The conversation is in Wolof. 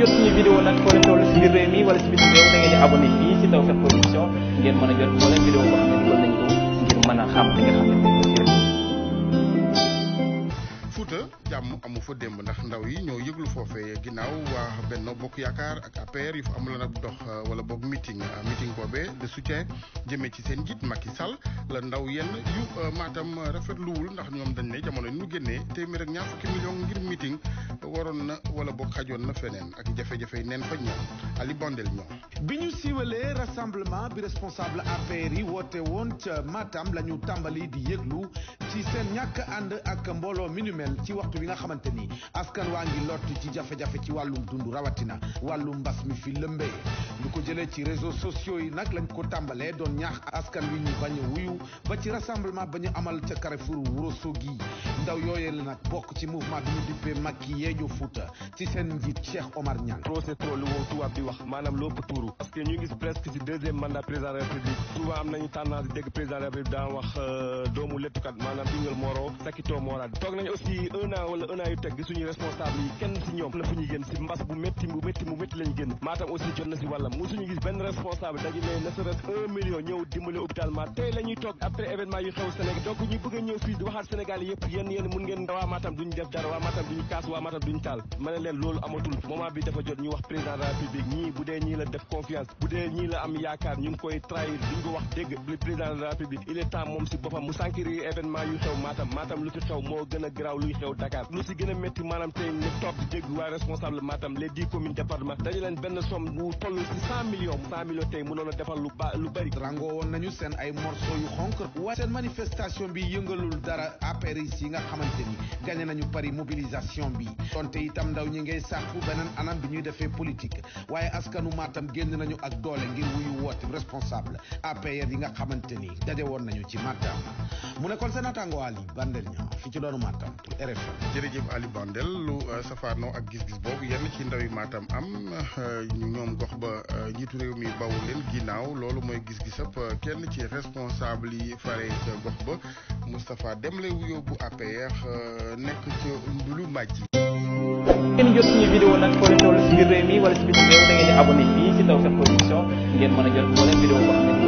jot suñu vidéo nag foo leen toll si biir réew mi wala si biir réew da ngeen di abonné fii si Tawfekh Production ngeen mën a jot moo leen vidéo mën a xam li fa démb ndax ndaw yi ñoo yëglu foofee ginnaaw waa Benno Bokk Yaakaar ak APR yu fa am la ab dox euh, wala boog meeting euh, meeting boobee de soutien jëmee ci seen njiit Macky Sall la ndaw yenn yu euh, maatam rafetluwul ndax ñoom dañ ne jamono yi ñu génnee téeméer ak ñaar fukki million ngir meeting waroon na wala boog xajoon na feneen ak jafe-jafe yi neen fa ñoom Ali Bondel ñoom. bi ñu siiwalee rassemblement bi responsable APR yi woote woon ca Matam la tàmbali di yëglu ci seen ni askan waa ngi lott ci jafe-jafe ci wàllum dund rawatina wàllum mbas mi fi lëmbee lu ko jëlee ci réseaux sociaux yi nag lañ ko tàmbalee doon ñaax askan wi ñu bañ a wuyu ba ci rassemblement ba ñu amal ca Carrefour Ourossogui ndaw yooyee la nag bokk ci mouvement bi ñu dippee Macky Yeeyo Fouta ci seen njiit Cheikh Omar Niang trop c'est trop lu woo tubaab bi wax maanaam lépp tuuru parce que ñu ngi presque ci deuxième mandat président de la république souvent am nañu tendance di euh, doomu léttukat maanaam dingal mooroo sakitoo mooraat toog nañ fekk responsable yi kenn si ñoom la fu ñuy génn si aussi jot na si wàllam mosuñu gis benn responsable dajalee ne serait un million ñëw dimbale hôpital Matam duñu def dara waa duñu kaas waa Matam duñu taal ma leen loolu amatul moment bi dafa jot ñu wax président la République ñii bu dee ñii la def confiance bu dee ñii la am yaakaar ñu ngi koy trahir duñ ko wax dégg le président la République il est temps moom si boppam mu métti maanaam tey ñu topp jéggi waa responsable Matam les dix communes département dañu leen benn somme bu toll ci cent millions cent millions tey mënoon a defar lu ba lu bëri rangoo woon nañu seen ay morceau yu xonk wa seen manifestation bi yëngalul dara Paris yi nga xamante ni gagné nañu Paris mobilisation bi donte itam ndaw ñi ngay sàkku beneen anam bi ñuy defee politique waaye askanu Matam génn nañu ak doole ngir wuyu woote responsable APR yi nga xamante ni daje woon nañu ci Matam mu nekkoon sa naataango Ali Bandel ñaa fi ci doonu Matam RFM. jërëjëf Ali Bandel lu euh, safaanoo ak gis-gis boobu yenn ci ndaw yi Matam am euh, ñoom gox ba euh, njiitu réew mi bawu leen ginnaaw loolu mooy gis-gisab kenn ci responsable yi fare ca gox ba Moustapha Deme lay bu APR euh, nekk ca Ndulu Madji. ngeen jot suñu vidéo nag foo leen toll si biir réew si biir réew da ngeen di abonné fii si Tawfekh Production ngeen mën a jot moo leen vidéo boo xam ne